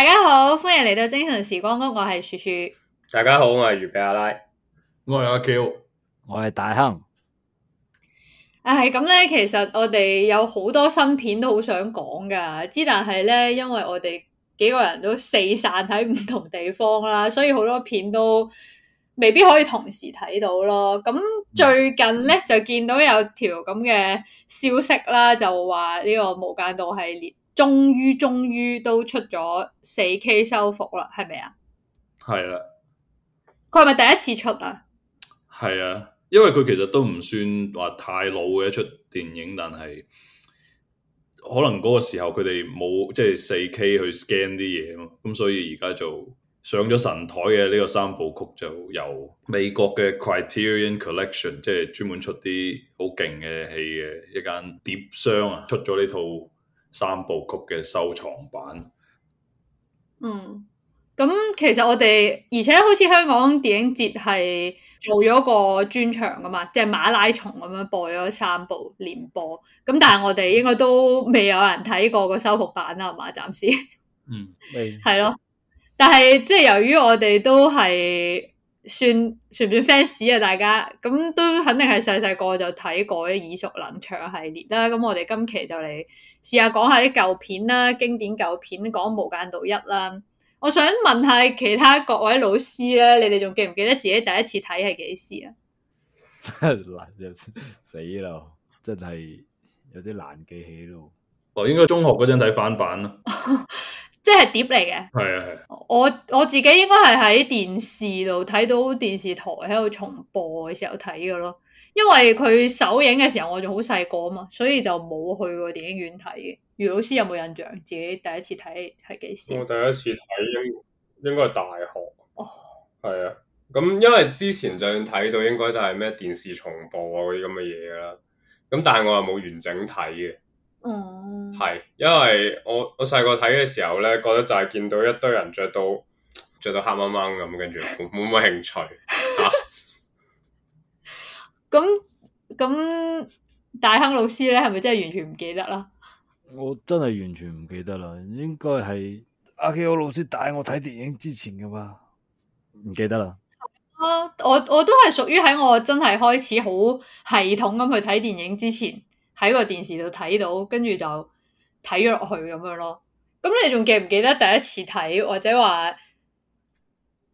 大家好，歡迎嚟到精神時光屋，我係雪雪。大家好，我係預備阿拉，我係阿 Q，我係大亨。唉、啊，咁咧，其實我哋有好多新片都好想講噶，之但係咧，因為我哋幾個人都四散喺唔同地方啦，所以好多片都未必可以同時睇到咯。咁最近咧、嗯、就見到有條咁嘅消息啦，就話呢個《無間道》系列。終於，終於都出咗四 K 修復啦，係咪啊？係啦。佢係咪第一次出啊？係啊，因為佢其實都唔算話太老嘅一出電影，但係可能嗰個時候佢哋冇即係四 K 去 scan 啲嘢啊嘛，咁所以而家就上咗神台嘅呢個三部曲就由美國嘅 Criterion Collection，即係專門出啲好勁嘅戲嘅一間碟商啊，出咗呢套。三部曲嘅收藏版。嗯，咁其實我哋，而且好似香港電影節係做咗個專場噶嘛，即係馬拉松咁樣播咗三部連播。咁但係我哋應該都未有人睇過個修復版啦，係嘛？暫時， 嗯，未係咯。但係即係由於我哋都係。算，算唔算 fans 啊？大家咁都肯定係細細個就睇過《耳熟能詳》系列啦。咁我哋今期就嚟試下講下啲舊片啦，經典舊片講《無間道一》啦。我想問下其他各位老師咧，你哋仲記唔記得自己第一次睇係幾時啊？難，有死咯，真係有啲難記起咯。哦，應該中學嗰陣睇翻版。啊。即係碟嚟嘅，係啊，我我自己應該係喺電視度睇到電視台喺度重播嘅時候睇嘅咯。因為佢首映嘅時候我仲好細個啊嘛，所以就冇去過電影院睇嘅。余老師有冇印象？自己第一次睇係幾時？我第一次睇應應該係大學，係啊、哦。咁、嗯、因為之前就睇到應該都係咩電視重播啊嗰啲咁嘅嘢啦。咁、嗯、但係我又冇完整睇嘅。哦，係、嗯，因為我我細個睇嘅時候咧，覺得就係見到一堆人着到着到黑掹掹咁，跟住冇乜興趣。咁咁大亨老師咧，係咪真係完全唔記得啦？我真係完全唔記得啦，應該係阿 Ko 老師帶我睇電影之前嘅嘛？唔記得啦。啊，我我都係屬於喺我真係開始好系統咁去睇電影之前。喺個電視度睇到，跟住就睇咗落去咁樣咯。咁你仲記唔記得第一次睇或者話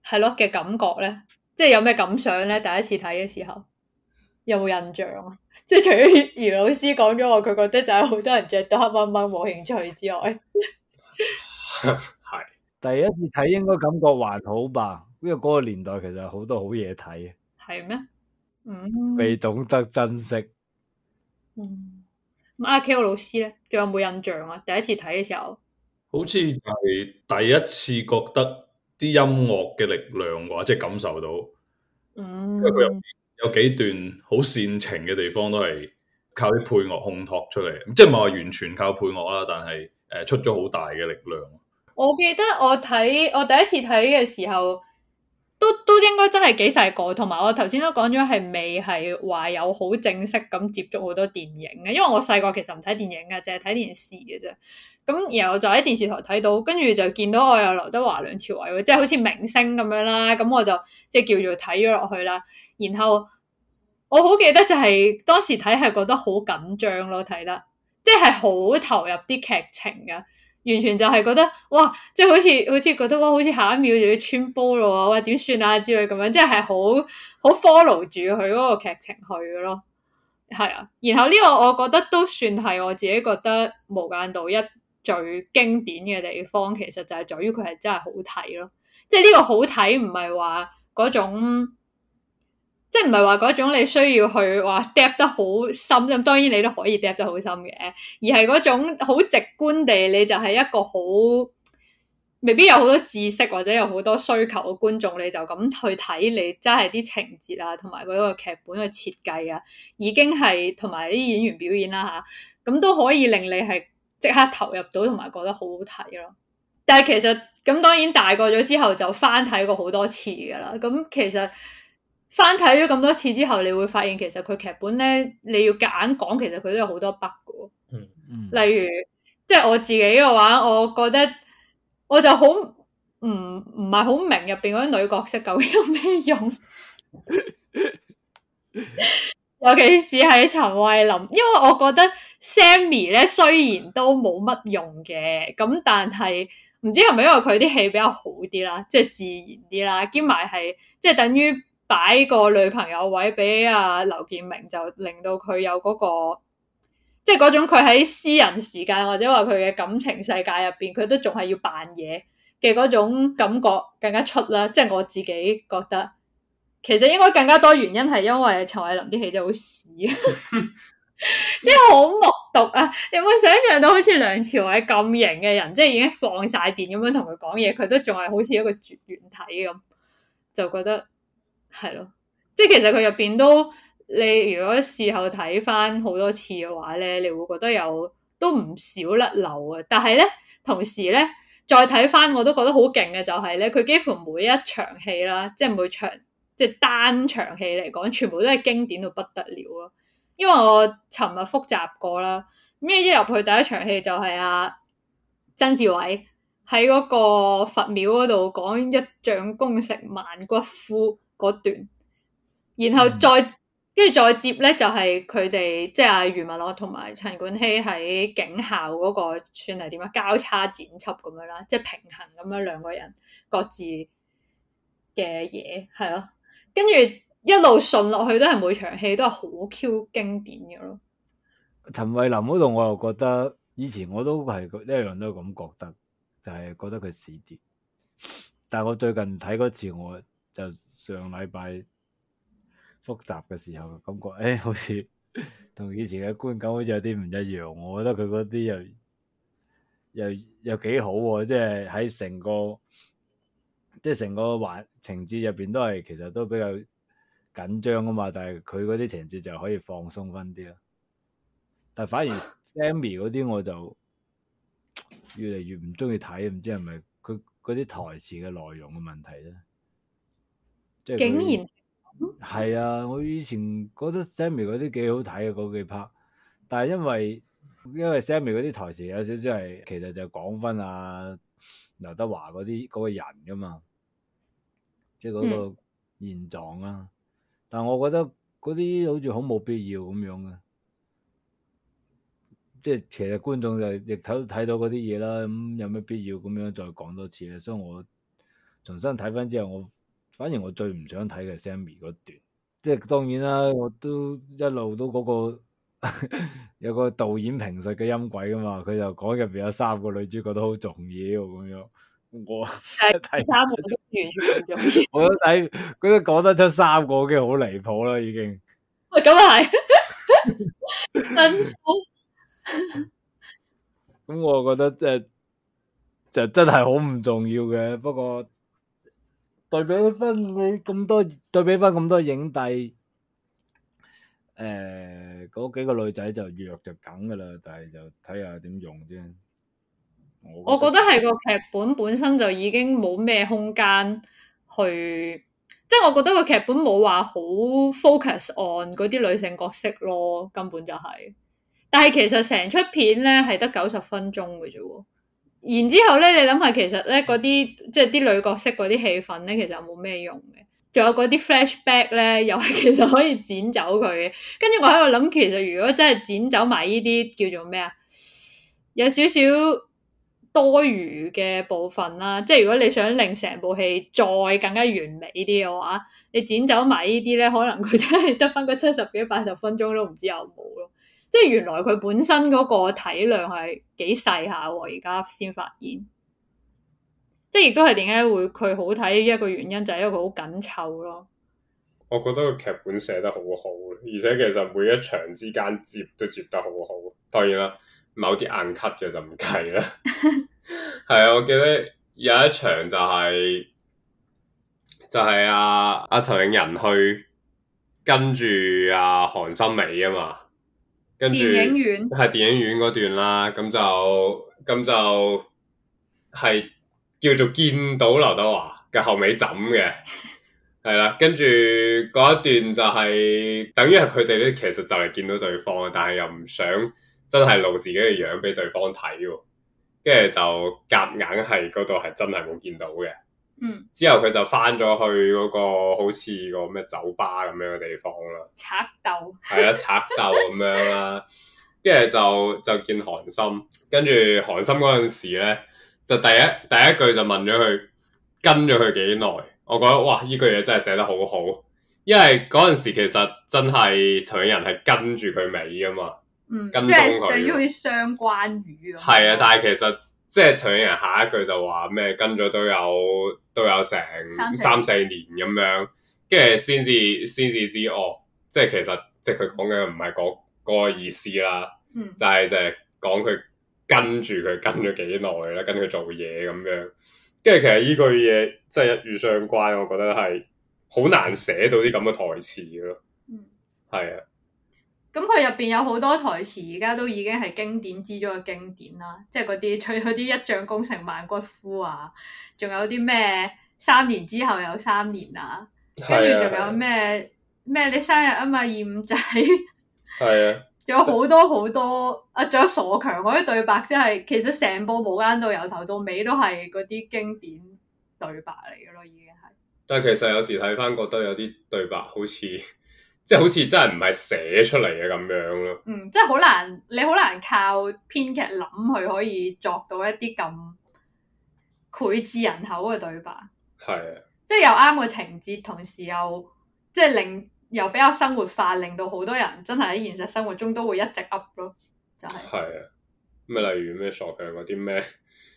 係咯嘅感覺咧？即係有咩感想咧？第一次睇嘅時候有冇印象啊？即係除咗余老師講咗，我佢覺得就係好多人着到黑掹掹冇興趣之外，係 第一次睇應該感覺還好吧？因為嗰個年代其實好多好嘢睇嘅，係咩？嗯，未懂得珍惜。嗯，阿 Ko 老師咧，仲有冇印象啊？第一次睇嘅時候，好似係第一次覺得啲音樂嘅力量或者係感受到，因為有有幾段好煽情嘅地方，都係靠啲配樂烘托出嚟，即係唔係話完全靠配樂啦，但係誒出咗好大嘅力量。我記得我睇我第一次睇嘅時候。都都應該真係幾細個，同埋我頭先都講咗係未係話有好正式咁接觸好多電影嘅，因為我細個其實唔睇電影嘅啫，淨係睇電視嘅啫。咁然後我就喺電視台睇到，跟住就見到我有劉德華、梁朝偉，即係好似明星咁樣啦。咁我就即係叫做睇咗落去啦。然後我好記得就係當時睇係覺得好緊張咯，睇得即係好投入啲劇情嘅。完全就係覺得哇，即係好似好似覺得哇，好似下一秒就要穿煲咯喎，哇點算啊之類咁樣，即係係好好 follow 住佢嗰個劇情去嘅咯，係啊。然後呢個我覺得都算係我自己覺得無間道一最經典嘅地方，其實就係在於佢係真係好睇咯。即係呢個好睇唔係話嗰種。即係唔係話嗰種你需要去話 d 得好深咁，當然你都可以 d 得好深嘅，而係嗰種好直觀地，你就係一個好未必有好多知識或者有好多需求嘅觀眾，你就咁去睇，你真係啲情節啊，同埋嗰個劇本嘅設計啊，已經係同埋啲演員表演啦、啊、吓，咁、啊、都可以令你係即刻投入到，同埋覺得好好睇咯。但係其實咁，當然大個咗之後就翻睇過好多次噶啦，咁其實。翻睇咗咁多次之後，你會發現其實佢劇本咧，你要夾硬講，其實佢都有好多 bug 嘅。嗯嗯。嗯，例如，即係我自己嘅話，我覺得我就好唔唔係好明入邊嗰啲女角色究竟有咩用。 尤其是係陳慧琳，因為我覺得 Sammy 咧雖然都冇乜用嘅，咁但係唔知係咪因為佢啲戲比較好啲啦，即係自然啲啦，兼埋係即係等於。擺個女朋友位俾阿、啊、劉建明，就令到佢有嗰、嗰個即係嗰種佢喺私人時間或者話佢嘅感情世界入邊，佢都仲係要扮嘢嘅嗰種感覺更加出啦。即係我自己覺得，其實應該更加多原因係因為陳慧琳啲戲就好屎， 即係好木獨。啊！你有冇想象到好似梁朝偉咁型嘅人，即係已經放晒電咁樣同佢講嘢，佢都仲係好似一個絕緣體咁，就覺得。係咯，即係其實佢入邊都你如果事後睇翻好多次嘅話咧，你會覺得有都唔少甩漏啊。但係咧，同時咧再睇翻我都覺得好勁嘅就係咧，佢幾乎每一場戲啦，即係每場即係單場戲嚟講，全部都係經典到不得了咯。因為我尋日複習過啦，咩一入去第一場戲就係阿、啊、曾志偉喺嗰個佛廟嗰度講一將功成萬骨枯。段，然後再跟住再接咧，就係佢哋即係阿余文樂同埋陳冠希喺警校嗰個算係點啊，交叉剪輯咁樣啦，即係平衡咁樣兩個人各自嘅嘢係咯，跟住一路順落去都係每場戲都係好 Q 經典嘅咯。陳慧琳嗰度我又覺得以前我都係一樣都咁覺得，就係覺得佢屎啲，但係我最近睇嗰次我。就上禮拜複雜嘅時候，感覺誒、哎，好似同以前嘅觀感好似有啲唔一樣。我覺得佢嗰啲又又又幾好，啊，即係喺成個即係成個環情節入邊都係其實都比較緊張啊嘛。但係佢嗰啲情節就可以放鬆翻啲啦。但係反而 Sammy 嗰啲我就越嚟越唔中意睇，唔知係咪佢嗰啲台詞嘅內容嘅問題咧？即竟然係啊！我以前覺得 Sammy 嗰啲幾好睇啊，嗰幾 part。但係因為因為 Sammy 嗰啲台詞有少少係，其實就講翻啊，劉德華嗰啲嗰個人噶嘛，即係嗰個現狀啊。嗯、但係我覺得嗰啲好似好冇必要咁樣嘅，即係其實觀眾就亦睇睇到嗰啲嘢啦。咁、嗯、有咩必要咁樣再講多次咧？所以我重新睇翻之後，我。反而我最唔想睇嘅 Sammy 嗰段，即係當然啦，我都一路都嗰、那個 有個導演評述嘅音軌噶嘛，佢就講入邊有三個女主角都好重要咁樣，我睇、嗯、 三個演員重要， 我睇佢都講得出三個嘅好離譜啦，已經，喂咁又係，真，咁我覺得即係就真係好唔重要嘅，不過。對比翻你咁多，對比翻咁多影帝，誒，嗰幾個女仔就弱就梗噶啦，但係就睇下點用啫。我覺得係個劇本本身就已經冇咩空間去，即係我覺得個劇本冇話好 focus on 嗰啲女性角色咯，根本就係。但係其實成出片咧係得九十分鐘嘅啫。然之後咧，你諗下，其實咧嗰啲即係啲女角色嗰啲戲份咧，其實冇咩用嘅。仲有嗰啲 flashback 咧，又係其實可以剪走佢。跟住我喺度諗，其實如果真係剪走埋呢啲叫做咩啊，有少少多餘嘅部分啦。即係如果你想令成部戲再更加完美啲嘅話，你剪走埋呢啲咧，可能佢真係得翻嗰七十幾八十分鐘都唔知有冇咯。即係原來佢本身嗰個體量係幾細下，而家先發現。即係亦都係點解會佢好睇一個原因，就係因為佢好緊湊咯。我覺得個劇本寫得好好，而且其實每一場之間接都接得好好。當然啦，某啲硬 cut 嘅就唔計啦。係 啊， 我記得有一場就係、是、就係阿阿陳永仁去跟住阿、啊、韓心美啊嘛。跟住電影院係電影院嗰段啦，咁就咁就係叫做見到劉德華嘅後尾枕嘅，係啦。跟住嗰一段就係、是、等於係佢哋咧，其實就係見到對方，但係又唔想真係露自己嘅樣俾對方睇，跟住就夾硬係嗰度係真係冇見到嘅。嗯，之後佢就返咗去嗰個好似個咩酒吧咁樣嘅地方啦。賊竇係啊，賊竇咁樣啦，跟住 就就見韓琛，跟住韓琛嗰陣時咧，就第一第一句就問咗佢跟咗佢幾耐。我覺得哇，呢句嘢真係寫得好好，因為嗰陣時其實真係陳永仁係跟住佢尾噶嘛，嗯、跟蹤佢是。即係對於相關語咯。係啊，但係其實。即係陳永仁下一句就話咩，跟咗都有都有成三,三四年咁樣，跟住先至先至知哦。即係其實即係佢講嘅唔係嗰嗰個意思啦，嗯、就係就係講佢跟住佢跟咗幾耐啦，跟佢做嘢咁樣，跟住其實呢句嘢真係一語相關，我覺得係好難寫到啲咁嘅台詞咯，係啊、嗯。咁佢入邊有好多台詞，而家都已經係經典之中嘅經典啦，即係嗰啲除咗啲一將功成萬骨枯啊，仲有啲咩三年之後有三年啊，跟住仲有咩咩、啊啊、你生日啊嘛，二五仔，係 啊，仲有好多好多啊，仲有傻強嗰啲對白、就是，即係其實成部無間道由頭到尾都係嗰啲經典對白嚟嘅咯，已經係。但係其實有時睇翻覺得有啲對白好似。即係好似真係唔係寫出嚟嘅咁樣咯。嗯，即係好難，你好難靠編劇諗去可以作到一啲咁膾炙人口嘅對白。係啊，即係又啱個情節，同時又即係令又比較生活化，令到好多人真係喺現實生活中都會一直 up 咯。就係、是、係啊，咁例如咩傻強嗰啲咩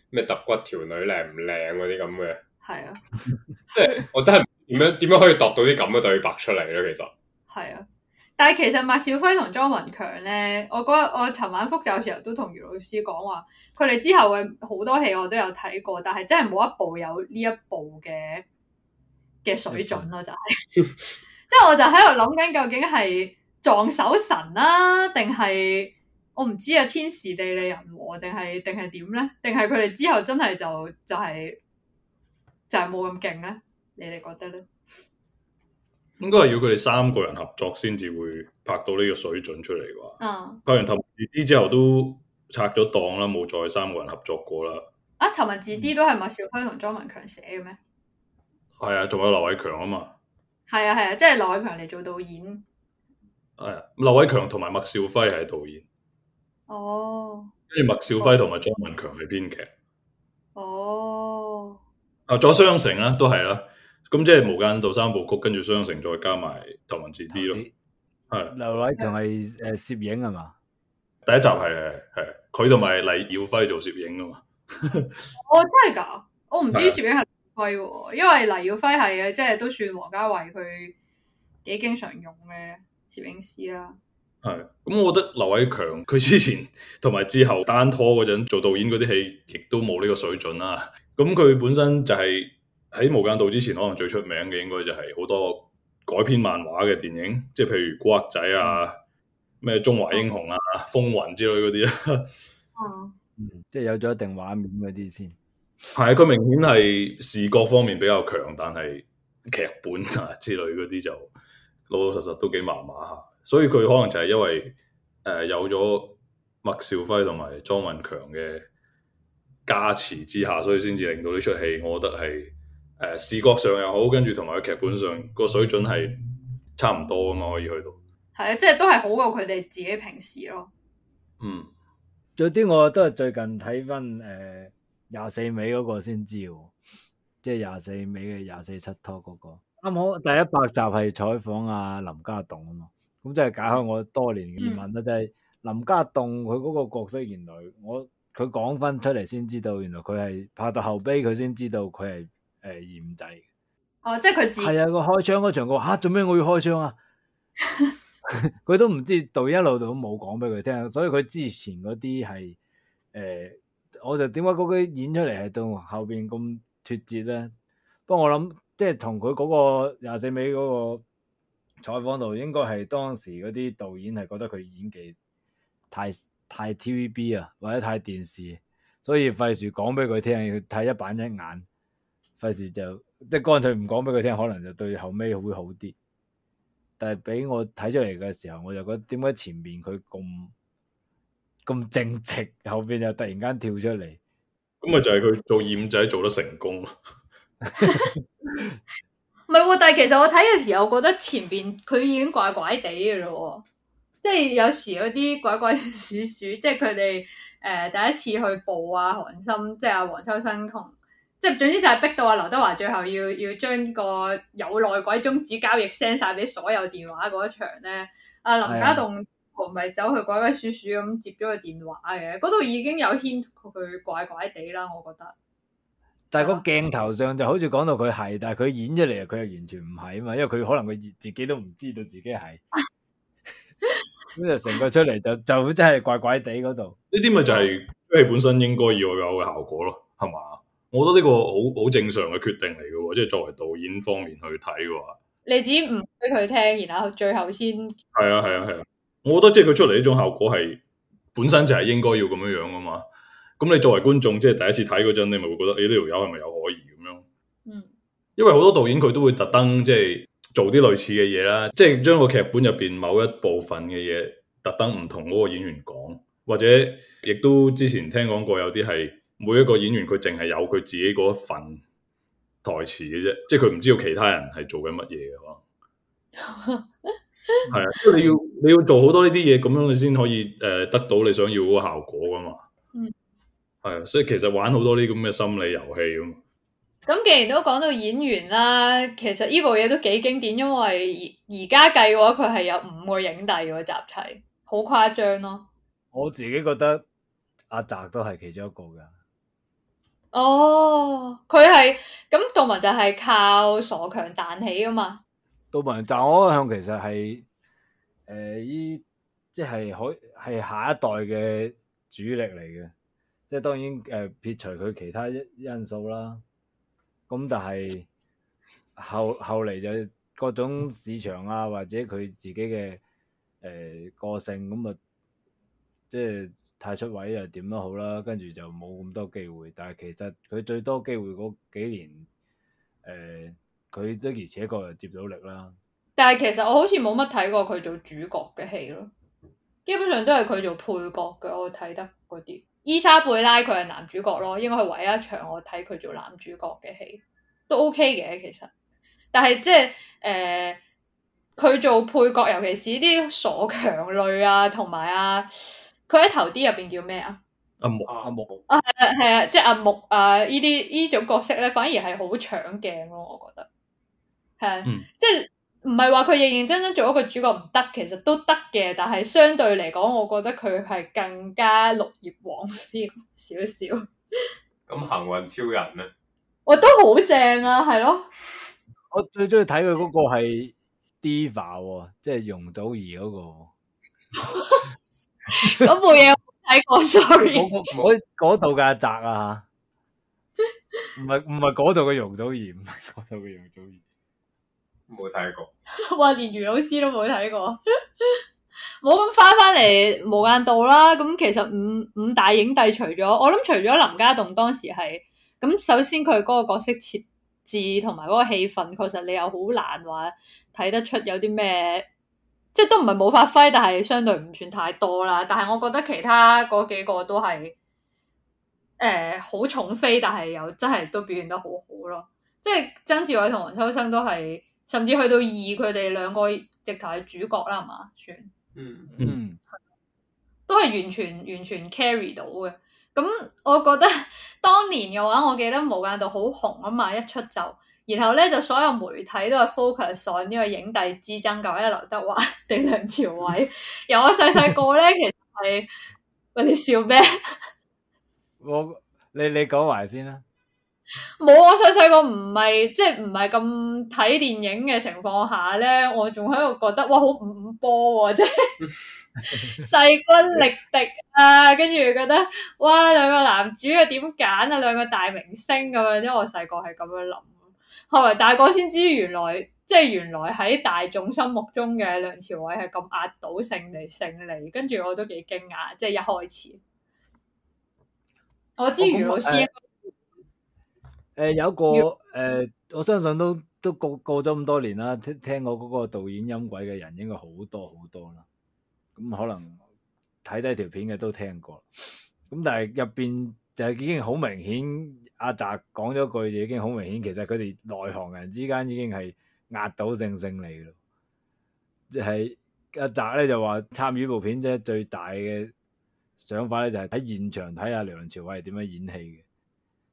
咩揼骨條女靚唔靚嗰啲咁嘅。係啊， 即係我真係點樣點樣可以度到啲咁嘅對白出嚟咧？其實。係啊，但係其實麥兆輝同莊文強咧，我嗰我尋晚復習嘅時候都同余老師講話，佢哋之後嘅好多戲我都有睇過，但係真係冇一部有呢一部嘅嘅水準咯，就係， 就係即係我就喺度諗緊究竟係撞手神啦，啊，定係我唔知啊天時地利人和，定係定係點咧？定係佢哋之後真係就就係，係、就係冇咁勁咧？你哋覺得咧？應該係要佢哋三個人合作先至會拍到呢個水準出嚟啩，啊？嗯，uh, 拍完《頭文字 D》之後都拆咗檔啦，冇再三個人合作過啦。啊，《頭文字 D》都係麥兆輝同莊文強寫嘅咩？係啊，仲有劉偉強啊嘛。係啊係啊，即係劉偉強嚟做導演。係劉偉強同埋麥兆輝係導演。哦、oh.。跟住麥兆輝同埋莊文強係編劇。哦。啊，做傷城啦，都係啦。咁、嗯嗯、即係無間道三部曲，跟住傷城再加埋頭文字 D 咯，係。劉偉強係誒攝影係嘛？嗯嗯、第一集係係係，佢同埋黎耀輝做攝影噶嘛？我、 哦、真係噶，我唔知攝影係耀輝，的因為黎耀輝係誒，即係都算王家衛佢幾經常用嘅攝影師啦、啊。係，咁我覺得劉偉強佢之前同埋之後單拖嗰陣做導演嗰啲戲，亦都冇呢個水準啦。咁佢本身就係、是。喺《無間道》之前，可能最出名嘅應該就係好多改編漫畫嘅電影，即係譬如《古惑仔》啊、咩《中華英雄》啊、《風雲》之類嗰啲啊。 嗯，即係有咗一定畫面嗰啲先。係佢明顯係視覺方面比較強，但係劇本啊之類嗰啲就老老實實都幾麻麻。所以佢可能就係因為誒、呃、有咗麥兆輝同埋莊文強嘅加持之下，所以先至令到呢出戲，我覺得係。誒視覺上又好，跟住同埋個劇本上個水準係差唔多啊嘛，可以去到。係啊，即係都係好過佢哋自己平時咯。嗯，有啲我都係最近睇翻誒廿四尾嗰個先知，即係廿四尾嘅廿四七拖嗰、嗰個，啱好第一百集係採訪阿、啊、林家棟啊嘛，咁即係解開我多年嘅疑問啦！即係、嗯、林家棟佢嗰個角色來原來我佢講翻出嚟先知道，原來佢係拍到後背佢先知道佢係。誒，嚴仔哦，即係佢係啊。個開槍嗰場，個吓做咩我要開槍啊？佢 都唔知道導演一路都冇講俾佢聽，所以佢之前嗰啲係誒，我就點解嗰啲演出嚟係到後邊咁脫節咧？不過我諗即係同佢嗰個廿四尾嗰個採訪度，應該係當時嗰啲導演係覺得佢演技太太 T V B 啊，或者太電視，所以費事講俾佢聽，要睇一板一眼。費事就即係乾脆唔講俾佢聽，可能就對後屘會好啲。但係俾我睇出嚟嘅時候，我就覺得點解前面佢咁咁正直，後邊又突然間跳出嚟？咁咪就係佢做二五仔做得成功咯？唔係喎，但係其實我睇嘅時候，我覺得前邊佢已經怪怪地嘅咯，即係有時有啲怪怪鼠鼠，即係佢哋誒，第一次去報啊，韓琛，即係阿黃秋生同。即係總之就係逼到阿劉德華最後要要將個有內鬼終止交易 send 晒俾所有電話嗰場咧，阿林家棟唔係走去鬼鬼祟祟咁接咗個電話嘅，嗰度的已經有牽佢怪怪地啦，我覺得。但係個鏡頭上就好似講到佢係，但係佢演咗嚟佢又完全唔係啊嘛，因為佢可能佢自己都唔知道自己係，咁就成個出嚟就就真係怪怪地嗰度。呢啲咪就係出戲本身應該要有嘅效果咯，係嘛？我覺得呢個好好正常嘅決定嚟嘅，即係作為導演方面去睇嘅話，你自己唔俾佢聽，然後最後先。係啊，係啊，係啊！我覺得即係佢出嚟呢種效果係本身就係應該要咁樣樣噶嘛。咁你作為觀眾，即係第一次睇嗰陣，你咪會覺得誒呢條友係咪有可疑？咁樣。嗯，因為好多導演佢都會特登即係做啲類似嘅嘢啦，即係將個劇本入邊某一部分嘅嘢特登唔同嗰個演員講，或者亦都之前聽講過有啲係。每一個演員佢淨係有佢自己嗰份台詞嘅啫，即係佢唔知道其他人係做緊乜嘢嘅。可能係啊， 因為你要你要做好多呢啲嘢，咁樣你先可以誒得到你想要嗰個效果噶嘛。係啊、嗯，所以其實玩好多呢啲咁嘅心理遊戲啊嘛。咁既然都講到演員啦，其實呢部嘢都幾經典，因為而家計嘅話，佢係有五個影帝嘅集齊，好誇張咯。我自己覺得阿澤都係其中一個噶。哦，佢係咁，杜汶就係靠傻強彈起噶嘛？杜汶，但係我向其實係誒，依、呃、即係可係下一代嘅主力嚟嘅，即係當然誒、呃、撇除佢其他因素啦。咁但係後後嚟就各種市場啊，或者佢自己嘅誒、呃、個性，咁啊，即係。太出位又點都好啦，跟住就冇咁多機會。但係其實佢最多機會嗰幾年，誒佢的而且確又接到力啦。但係其實我好似冇乜睇過佢做主角嘅戲咯，基本上都係佢做配角嘅。我睇得嗰啲伊莎貝拉，佢係男主角咯，應該係唯一一場我睇佢做男主角嘅戲都 OK 嘅。其實，但係即係誒佢做配角，尤其是啲傻強類啊，同埋啊。佢喺頭啲入邊叫咩啊？阿木阿木，係啊係啊，即係阿木啊！呢啲呢種角色咧，反而係好搶鏡咯，我覺得係啊。嗯、即係唔係話佢認認真真做一個主角唔得，其實都得嘅，但係相對嚟講，我覺得佢係更加綠葉王啲少少。咁行運超人咧，我都好正啊，係咯。我最中意睇佢嗰個係 Diva，即、哦、係、就是、容祖兒嗰個。 嗰 部嘢我冇睇過，sorry。嗰嗰度嘅阿澤啊，唔係唔係嗰度嘅容祖兒，唔係嗰度嘅容祖兒，冇睇過。我話連余老師都冇睇過，冇咁翻翻嚟《無間道》啦。咁其實五五大影帝除，除咗我諗，除咗林家棟當時係，咁首先佢嗰個角色設置同埋嗰個氣氛，確實你又好難話睇得出有啲咩。即係都唔係冇發揮，但係相對唔算太多啦。但係我覺得其他嗰幾個都係誒好重飛，但係又真係都表現得好好咯。即係曾志偉同黃秋生都係，甚至去到二佢哋兩個直頭係主角啦，係嘛？算嗯嗯，嗯都係完全完全 carry 到嘅。咁、嗯、我覺得當年嘅話，我記得《無間道》好紅啊嘛，一出就。然後咧就所有媒體都係 focus on 呢個影帝之爭，究竟劉德華定 梁朝偉？由我細細個咧，其實係 你笑咩？我你你講埋先啦。冇我細細個唔係即係唔係咁睇電影嘅情況下咧，我仲喺度覺得哇好五波，啊，即係勢均力敵啊！跟住覺得哇兩個男主又點揀啊？兩個大明星咁樣，因為我細個係咁樣諗。後來大哥先知，原來即係、就是、原來喺大眾心目中嘅梁朝偉係咁壓倒性嚟勝，勝利。跟住我都幾驚訝，即、就、係、是、一開始。我知余老師，誒、呃呃，有一個誒魚、呃，我相信都都過過咗咁多年啦，聽聽過嗰個導演音軌嘅人應該好多好多啦。咁可能睇低條片嘅都聽過，咁但係入邊就係已經好明顯。阿澤講咗句就已經好明顯，其實佢哋內行人之間已經係壓倒性勝利咯。即係阿澤咧就話參與部片啫，最大嘅想法咧就係喺現場睇下梁朝偉係點樣演戲嘅，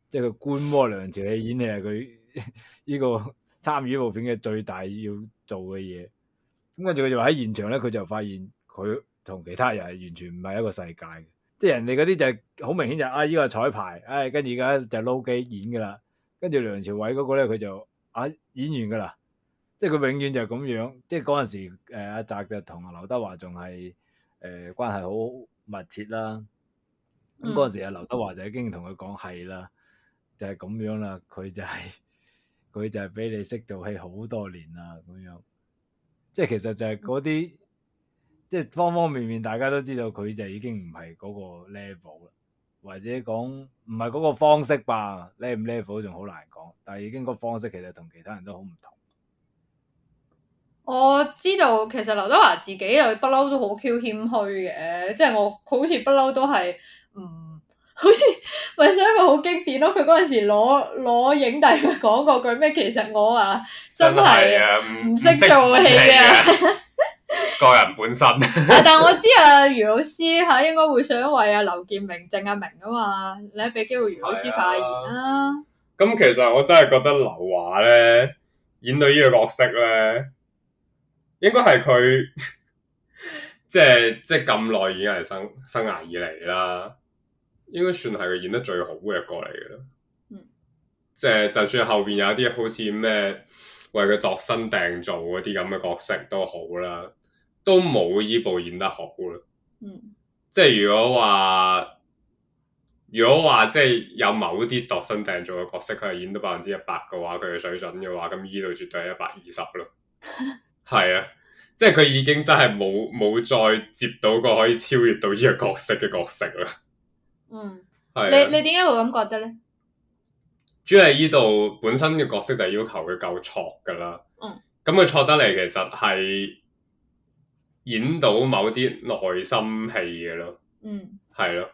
即係佢觀摩梁朝偉演戲係佢呢個參與部片嘅最大要做嘅嘢。咁跟住佢就話喺現場咧，佢就發現佢同其他人係完全唔係一個世界。即係人哋嗰啲就係好明顯就啊呢個係彩排，唉跟住而家就撈機演噶啦，跟住梁朝偉嗰個咧佢就啊演員噶啦，即係佢永遠就咁樣，即係嗰陣時誒阿澤就同劉德華仲係誒關係好密切啦。咁嗰陣時啊劉德華就已經同佢講係啦，就係、是、咁樣啦，佢就係、是、佢就係俾你識做戲好多年啦咁樣，即係其實就係嗰啲。嗯即係方方面面，大家都知道佢就已經唔係嗰個 level 啦，或者講唔係嗰個方式吧，level 唔 level 仲好難講，但係已經個方式其實同其他人都好唔同。我知道，其實劉德華自己又不嬲都好 Q 謙虛嘅，即係我好似不嬲都係唔、 嗯、好似，咪所以咪好經典咯。佢嗰陣時攞攞影帝，佢講過句咩？其實我啊，真係唔識做戲啊。 個人本身、 啊，但係我知啊，余老師吓、啊、應該會想為阿劉建明正下、啊、名啊嘛，你俾機會余老師發言啦。咁、啊、其實我真係覺得劉華咧演到呢個角色咧，應該係佢即係即係咁耐演藝生生涯以嚟啦，應該算係佢演得最好嘅一個嚟嘅啦。嗯，即係就，就算後邊有啲好似咩為佢度身訂造嗰啲咁嘅角色都好啦。都冇依部演得好啦。嗯，即係如果話，如果話即係有某啲度身訂做嘅角色，佢係演到百分之一百嘅話，佢嘅水準嘅話，咁依度絕對係一百二十咯。係 啊，即係佢已經真係冇冇再接到過可以超越到呢個角色嘅角色啦。嗯，係你你點解會咁覺得咧？主要係依度本身嘅角色就係要求佢夠挫噶啦。嗯，咁佢挫得嚟，其實係。演到某啲內心戲嘅咯，嗯，係咯的。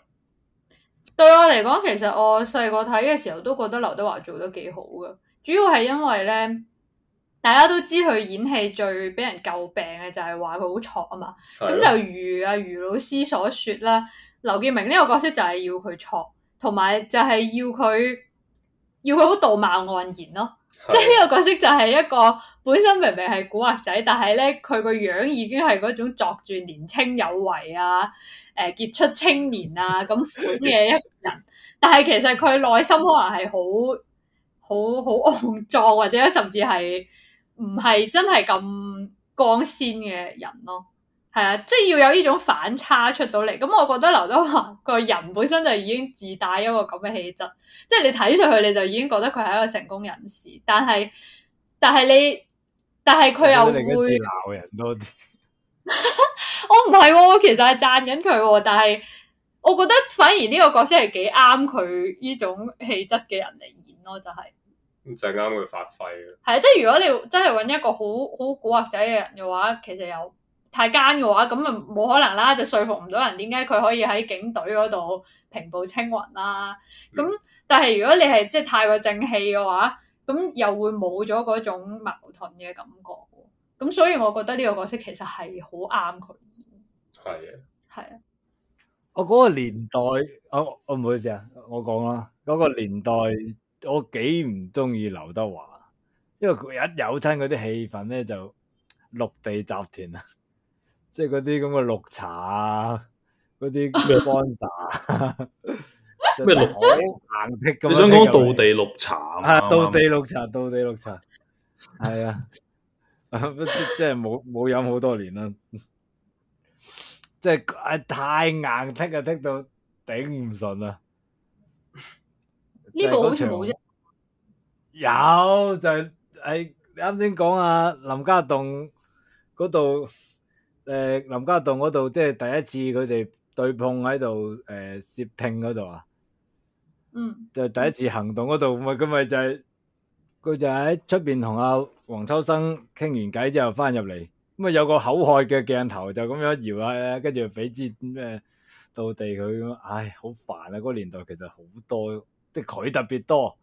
對我嚟講，其實我細個睇嘅時候都覺得劉德華做得幾好噶主要係因為咧，大家都知佢演戲最俾人詬病嘅就係話佢好挫啊嘛。咁的就如阿、啊、余老師所說啦，劉建明呢個角色就係要佢挫，同埋就係要佢要佢好道貌岸然咯，即係呢個角色就係一個。本身明明係古惑仔，但係咧佢個樣已經係嗰種作住年青有為啊，誒傑出青年啊咁款嘅一個人。傑出。但係其實佢內心可能係好好好骯髒，或者甚至係唔係真係咁光鮮嘅人咯。係啊，即係要有呢種反差出到嚟。咁我覺得劉德華個人本身就已經自帶一個咁嘅氣質，即係你睇上去你就已經覺得佢係一個成功人士。但係但係你。但係佢又會，我唔係，其實係讚緊佢。但係我覺得反而呢個角色係幾啱佢呢種氣質嘅人嚟演咯，就係就啱佢發揮咯。係啊，即係如果你真係搵一個好好古惑仔嘅人嘅話，其實又太奸嘅話，咁啊冇可能啦，就說服唔到人點解佢可以喺警隊嗰度平步青雲啦。咁但係如果你係即係太過正氣嘅話。咁、嗯、又會冇咗嗰種矛盾嘅感覺，咁、嗯、所以我覺得呢個角色其實係好啱佢。演的。係啊的，係啊。我嗰個年代，我我唔好意思啊，我講啦，嗰、嗰個年代我幾唔中意劉德華，因為佢一有親嗰啲氣氛咧就綠地集團啊，即係嗰啲咁嘅綠茶啊，嗰啲嘅幫咩綠好硬剔？ 你想講道地綠茶啊？道 地綠茶，道地綠茶，係 是啊， 即係冇冇飲好多年啦， 即係太硬剔啊，剔到頂唔順啊。呢 個好似冇啫，有就係、是、誒，啱先講啊，林家棟嗰度，誒林家棟嗰度，即係第一次佢哋對碰喺度，誒、呃、涉聽嗰度啊。嗯，就第一次行動嗰度，咪咁咪就係、是、佢就喺出邊同阿黃秋生傾完偈之後翻入嚟，咁啊有個口渴嘅鏡頭就咁樣搖下，跟住俾支咩到地佢咁，唉，好煩啊！嗰、那個年代其實好多，即係佢特別多。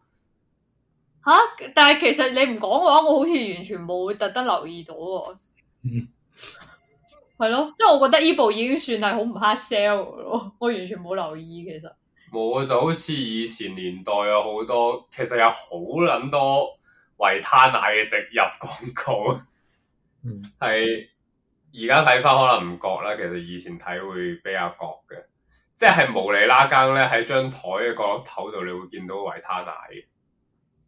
吓、啊，但係其實你唔講嘅話，我好似完全冇特登留意到。嗯， 係咯，即係我覺得呢部已經算係好唔黑 sell，我完全冇留意其實。冇啊，就好似以前年代有好多，其實有好撚多維他奶嘅植入廣告。嗯，係而家睇返可能唔覺啦，其實以前睇會比較覺嘅，即係無厘啦更咧喺張台嘅角落頭度，你會見到維他奶嘅。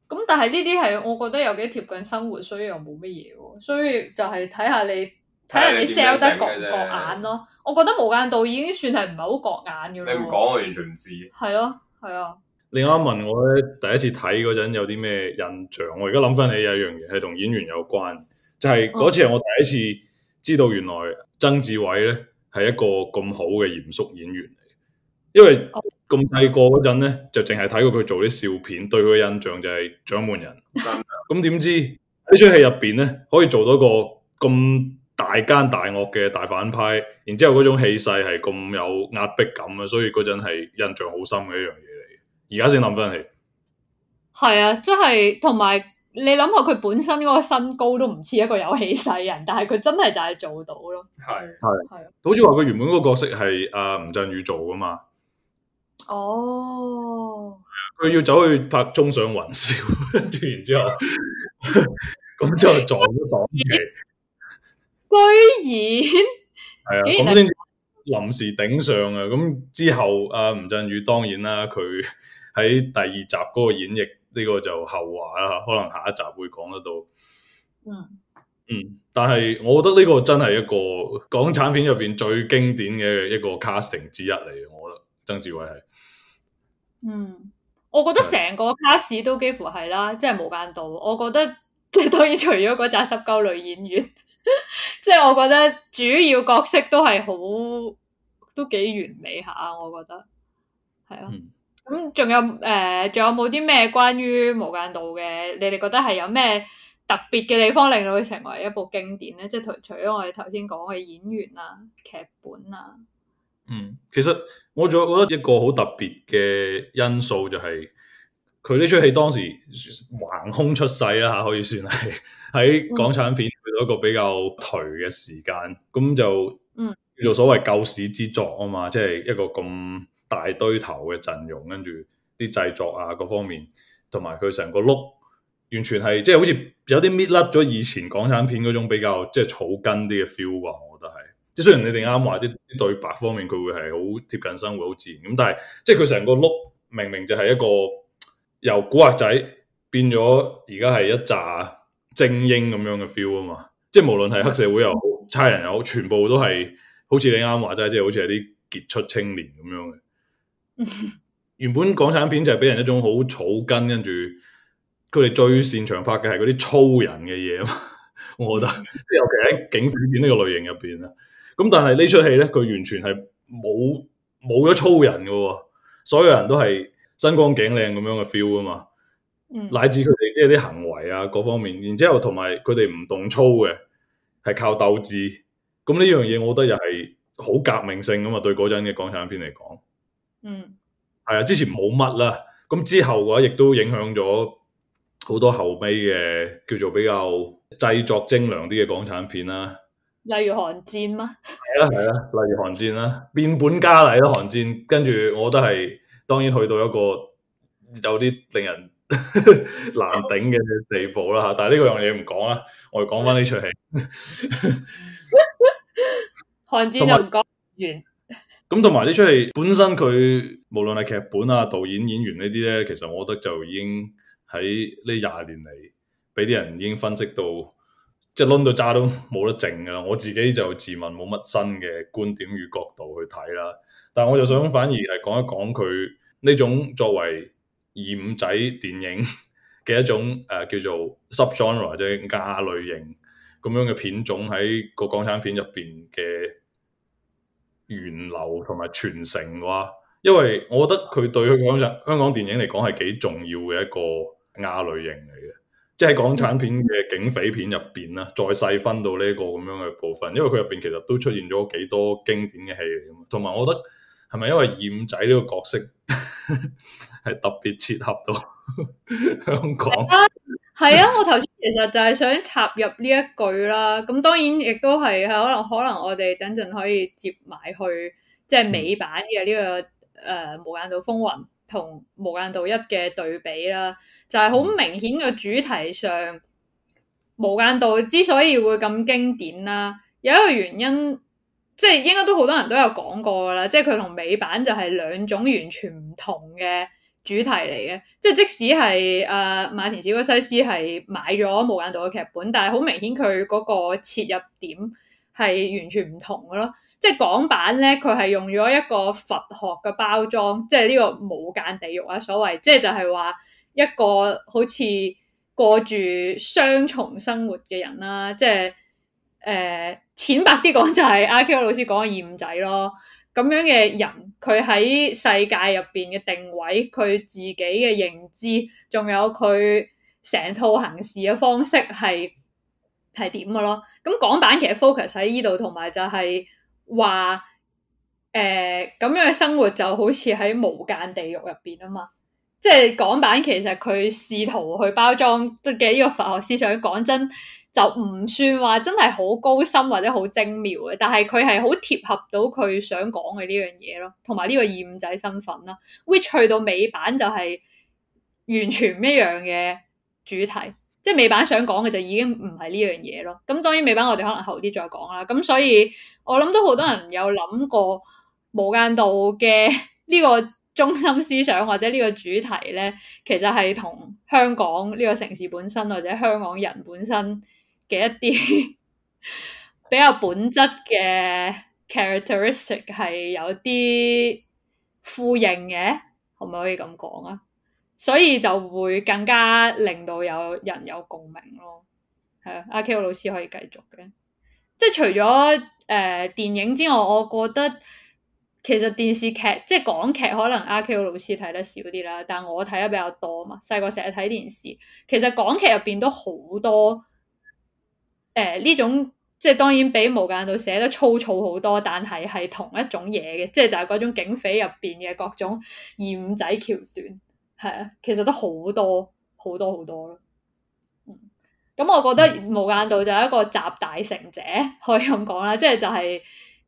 咁、嗯、但係呢啲係我覺得有幾貼近生活，所以又冇乜嘢，所以就係睇下你。睇人哋 sell 得角眼咯，我覺得《無間道》已經算係唔係好角眼嘅咯。你唔講我完全唔知。係咯，係啊。啊你啱問我咧，第一次睇嗰陣有啲咩印象？我而家諗翻起有一樣嘢係同演員有關，就係、是、嗰次係我第一次知道原來曾志偉咧係一個咁好嘅嚴肅演員嚟。因為咁細個嗰陣咧，就淨係睇過佢做啲笑片，對佢嘅印象就係掌門人。咁點 知呢出戲入邊咧，可以做到個咁？大奸大惡嘅大反派，然之後嗰種氣勢係咁有壓迫感嘅，所以嗰陣係印象好深嘅一樣嘢。嚟而家先諗翻起，係啊，即係同埋你諗下佢本身嗰個身高都唔似一個有氣勢人，但係佢真係就係做到咯。係係係，好似話佢原本嗰個角色係阿吳鎮宇做㗎嘛？哦，佢要走去拍《衝上雲霄》，跟住然之後咁就撞咗檔期。居然係啊，咁先臨時頂上啊！咁之後，阿吳鎮宇當然啦，佢喺第二集嗰個演繹呢、這個就後話啦，可能下一集會講得到。嗯嗯，但係我覺得呢個真係一個港產片入邊最經典嘅一個 casting 之一嚟嘅，我覺得曾志偉係。嗯，我覺得成個 cast 都幾乎係啦，即係《無間道》，我覺得即係當然除咗嗰紮濕鳩女演員。即係 我覺得主要角色都係好都幾完美下、啊、我覺得係啊，咁仲有誒，仲、呃、有冇啲咩關於無間道嘅？你哋覺得係有咩特別嘅地方令到佢成為一部經典咧？即、就、係、是、除除咗我哋頭先講嘅演員啊、劇本啊，嗯，其實我仲有覺得一個好特別嘅因素就係、是。佢呢出戲當時橫空出世啦，吓可以算係喺 港產片去到一個比較頹嘅時間，咁、嗯、就嗯叫做所謂救市之作啊嘛，即、就、係、是、一個咁大堆頭嘅陣容，跟住啲製作啊各方面，同埋佢成個 look 完全係即係好似有啲搣甩咗以前港產片嗰種比較即係、就是、草根啲嘅 feel 啩，我覺得係，即係雖然你哋啱話啲對白方面佢會係好貼近生活好自然咁，但係即係佢成個 look 明，明明就係一個。由古惑仔變咗，而家係一紮精英咁樣嘅 feel 啊嘛！即係無論係黑社會又好，差人又好，全部都係好似你啱話齋，即係好似係啲傑出青年咁樣嘅。原本港產片就係俾人一種好草根，跟住佢哋最擅長拍嘅係嗰啲粗人嘅嘢啊嘛！我覺得，尤其喺警匪片呢個類型入邊啊。咁但係呢出戲咧，佢完全係冇冇咗粗人㗎、哦，所有人都係。身光頸靚咁樣嘅 feel 啊嘛，嗯、乃至佢哋即係啲行為啊各方面，然之後同埋佢哋唔動粗嘅，係靠鬥志。咁呢樣嘢，我覺得又係好革命性啊嘛！對嗰陣嘅港產片嚟講，嗯，係啊，之前冇乜啦，咁之後嘅話，亦都影響咗好多後尾嘅叫做比較製作精良啲嘅港產片啦。例如《寒戰》嘛，係啦係啦，例如《寒戰》啦，變本加厲啦《寒戰》，跟住我覺得係。當然去到一個有啲令人 難頂嘅地步啦嚇，但係呢個樣嘢唔講啦，我哋講翻呢出戲《寒 戰 有》又唔講完。咁同埋呢出戲本身佢無論係劇本啊、導演、演員呢啲咧，其實我覺得就已經喺呢廿年嚟俾啲人已經分析到，即係攆到渣都冇得剩嘅啦。我自己就自問冇乜新嘅觀點與角度去睇啦。但係我就想反而係講一講佢。呢種作為二五仔電影嘅一種、呃、叫做 subgenre 或者亞類型咁樣嘅片種喺個港產片入面嘅源流同埋傳承嘅話，因為我覺得佢對香港香港電影嚟講係幾重要嘅一個亞類型嚟嘅，即係港產片嘅警匪片入面，再細分到呢一個咁樣嘅部分，因為佢入面其實都出現咗幾多經典嘅戲嚟嘅，同埋我覺得。係咪因為二五仔呢個角色係 特別切合到香港、 啊？係啊，我頭先其實就係想插入呢一句啦。咁當然亦都係，係可能可能我哋等陣可以接埋去，即、就、係、是、美版嘅呢、這個誒、呃《無間道風雲》同《無間道一》嘅對比啦。就係、是、好明顯嘅主題上，嗯《無間道》之所以會咁經典啦，有一個原因。即係應該都好多人都有講過㗎啦，即係佢同美版就係兩種完全唔同嘅主題嚟嘅。即係即使係誒、呃、馬田史高西斯係買咗無間道嘅劇本，但係好明顯佢嗰個切入點係完全唔同嘅咯。即係港版咧，佢係用咗一個佛學嘅包裝，即係呢個無間地獄啊所謂，即係就係話一個好似過住雙重生活嘅人啦、啊，即係誒。呃淺白啲講就係阿 Q 老師講嘅二五仔咯，咁樣嘅人佢喺世界入邊嘅定位，佢自己嘅認知，仲有佢成套行事嘅方式係係點嘅咯？咁、嗯、港版其實 focus 喺依度，同埋就係話誒咁樣嘅生活就好似喺無間地獄入邊啊嘛！即係港版其實佢試圖去包裝都嘅呢個佛學思想，講真。就唔算話真係好高深或者好精妙嘅，但係佢係好貼合到佢想講嘅呢樣嘢咯，同埋呢個二五仔身份啦。 Which 去到美版就係完全唔一樣嘅主題，即係美版想講嘅就已經唔係呢樣嘢咯。咁當然美版我哋可能後啲再講啦。咁所以我諗都好多人有諗過無間道嘅呢個中心思想或者呢個主題咧，其實係同香港呢個城市本身或者香港人本身，嘅一啲比較本質嘅 characteristic 係有啲呼應嘅，可唔可以咁講啊？所以就會更加令到有人有共鳴咯。係啊，阿 Ko 老師可以繼續嘅。即係除咗誒、呃、電影之外，我覺得其實電視劇即係港劇，可能阿 Ko 老師睇得少啲啦，但係我睇得比較多啊嘛。細個成日睇電視，其實港劇入邊都好多。誒，呢、呃、種即係，當然比《無間道》寫得粗糙好多，但係係同一種嘢嘅，即係就係嗰種警匪入邊嘅各種二五仔橋段，係啊，其實都好多好多好多咯。咁、嗯嗯嗯嗯、我覺得《無間道》就係一個集大成者，可以咁講啦。即係就係、是、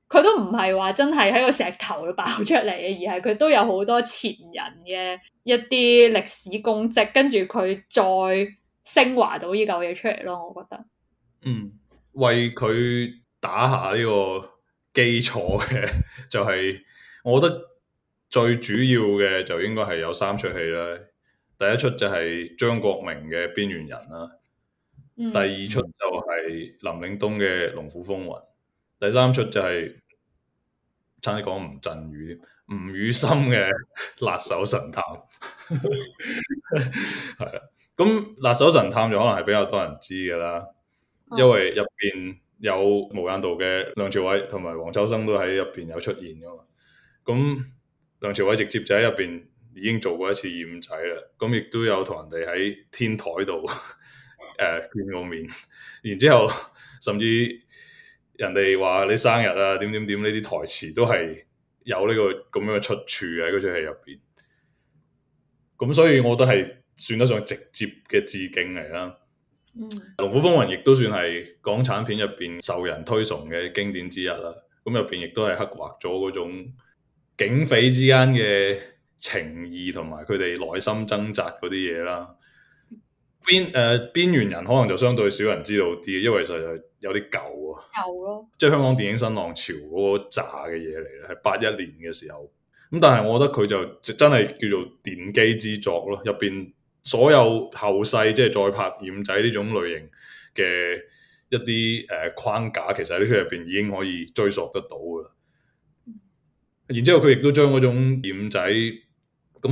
佢都唔係話真係喺個石頭度爆出嚟嘅，嗯、而係佢都有好多前人嘅一啲歷史功績，跟住佢再升華到呢嚿嘢出嚟咯。我覺得。嗯，為佢打下呢個基礎嘅，就係、是、我覺得最主要嘅就應該係有三出戲啦。第一出就係章國明嘅《邊緣人》啦，第二出就係林嶺東嘅《龍虎風雲》，第三出就係、是、差啲講吳鎮宇、吳宇森嘅《辣手神探》 嗯。係啦，咁《辣手神探》就可能係比較多人知噶啦。因為入邊有無間道嘅梁朝偉同埋黃秋生都喺入邊有出現噶嘛，咁梁朝偉直接就喺入邊已經做過一次二五仔啦，咁亦都有同人哋喺天台度誒見過面，然之後甚至人哋話你生日啊點點點呢啲台詞都係有呢個咁樣嘅出處喺嗰隻戲入邊，咁所以我覺得係算得上直接嘅致敬嚟啦。《嗯、《龍虎風雲》亦都算係港產片入邊受人推崇嘅經典之一啦。咁入邊亦都係刻畫咗嗰種警匪之間嘅情義，同埋佢哋內心掙扎嗰啲嘢啦。邊誒邊緣人可能就相對少人知道啲，因為就係有啲舊啊，舊咯了，即係香港電影新浪潮嗰個炸嘅嘢嚟咧，係八一年嘅時候。咁但係我覺得佢就真係叫做奠基之作咯，入邊。所有後世即係再拍漁仔呢種類型嘅一啲誒、呃、框架，其實喺呢出入面已經可以追溯得到嘅。然之後佢亦都將嗰種漁仔，咁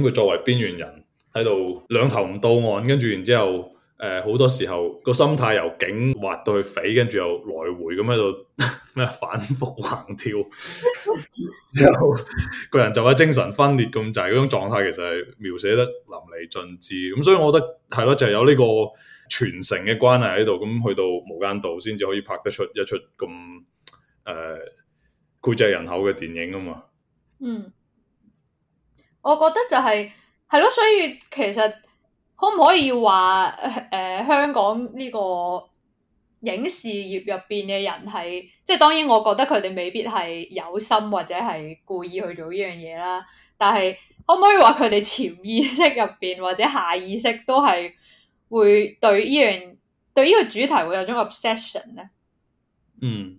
佢作為邊緣人喺度兩頭唔到岸，跟住然之後誒好多時候，呃好多時候這個心態由警滑到去匪，跟住又來回咁喺度。呵呵咩？反覆橫跳，之後 個人就係精神分裂咁滯嗰種狀態，其實係描寫得淋漓盡致。咁所以我覺得係咯，就係、是、有呢個傳承嘅關係喺度。咁去到無間道，先至可以拍得出一出咁誒膾炙人口嘅電影啊嘛。嗯，我覺得就係係咯，所以其實可唔可以話誒、呃、香港呢、這個？影視業入邊嘅人係，即係當然，我覺得佢哋未必係有心或者係故意去做呢樣嘢啦。但係可唔可以話佢哋潛意識入邊或者下意識都係會對呢樣對呢個主題會有種 obsession 咧？嗯，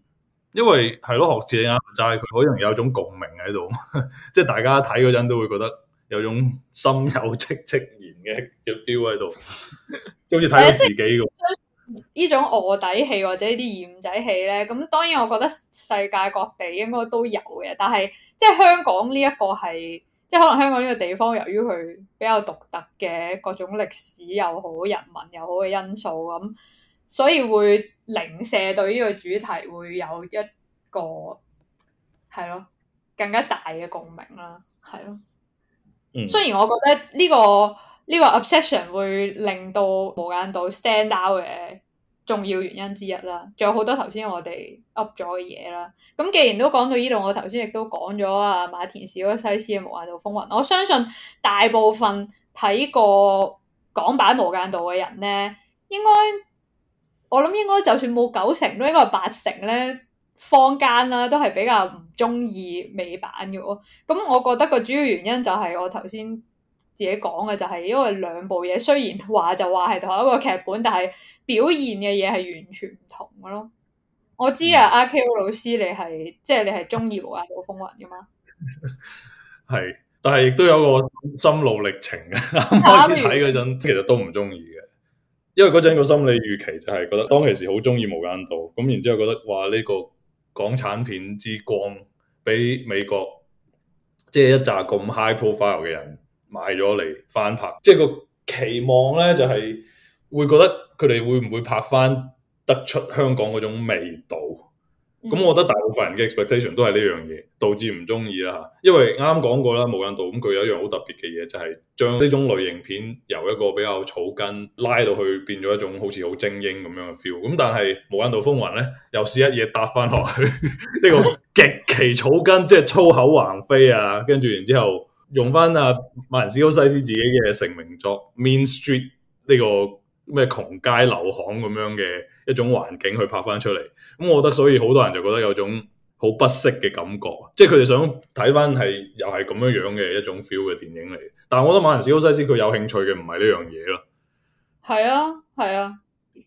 因為係咯，學者就係佢可能有種共鳴喺度， 即係大家睇嗰陣都會覺得有種心有戚戚然嘅嘅 feel 喺度，好似睇到自己咁。呢種卧底戲或者呢啲謠仔戲咧，咁當然我覺得世界各地應該都有嘅，但係即係香港呢一個係即係可能香港呢個地方，由於佢比較獨特嘅各種歷史又好、人民又好嘅因素咁，所以會零舍對呢個主題會有一個係咯，更加大嘅共鳴啦，係咯。嗯，雖然我覺得呢、這個。呢個 obsession 會令到《無間道》stand out 嘅重要原因之一啦，仲有好多頭先我哋噏咗嘅嘢啦。咁既然都講到呢度，我頭先亦都講咗啊，馬田史高西斯嘅《無間道風雲》，我相信大部分睇過港版《無間道》嘅人咧，應該我諗應該就算冇九成都應該係八成咧，坊間啦都係比較唔中意美版嘅喎。咁我覺得個主要原因就係我頭先。自己講嘅就係因為兩部嘢雖然話就話係同一個劇本，但係表現嘅嘢係完全唔同嘅咯。我知啊，阿 Ko 老師你係即係你係中意《無間道風雲》嘅嘛？係，但係亦都有個心路歷程嘅。啱 開始睇嗰陣其實都唔中意嘅，因為嗰陣個心理預期就係覺得當其時好中意《無間道》，咁然之後覺得哇呢、這個港產片之光，俾美國即係、就是、一紮咁 high profile 嘅人。買咗嚟翻拍，即係個期望咧，就係、是、會覺得佢哋會唔會拍翻得出香港嗰種味道？咁、嗯、我覺得大部分人嘅 expectation 都係呢樣嘢，導致唔中意啦。因為啱啱講過啦，《無間道》咁佢有一樣好特別嘅嘢，就係將呢種類型片由一個比較草根拉到去變咗一種好似好精英咁樣嘅 feel。咁但係《無間道風雲》咧，又試一嘢搭翻落去，呢 個極其草根，即係粗口橫飛啊，跟住然之後。用翻阿、啊、馬田史高西斯自己嘅成名作《Mean Street》呢、 呢個咩窮街陋巷咁樣嘅一種環境去拍翻出嚟，咁我覺得所以好多人就覺得有種好不適嘅感覺，即係佢哋想睇翻係又係咁樣樣嘅一種 feel 嘅電影嚟，但係我覺得馬田史高西斯佢有興趣嘅唔係呢樣嘢咯，係啊係啊，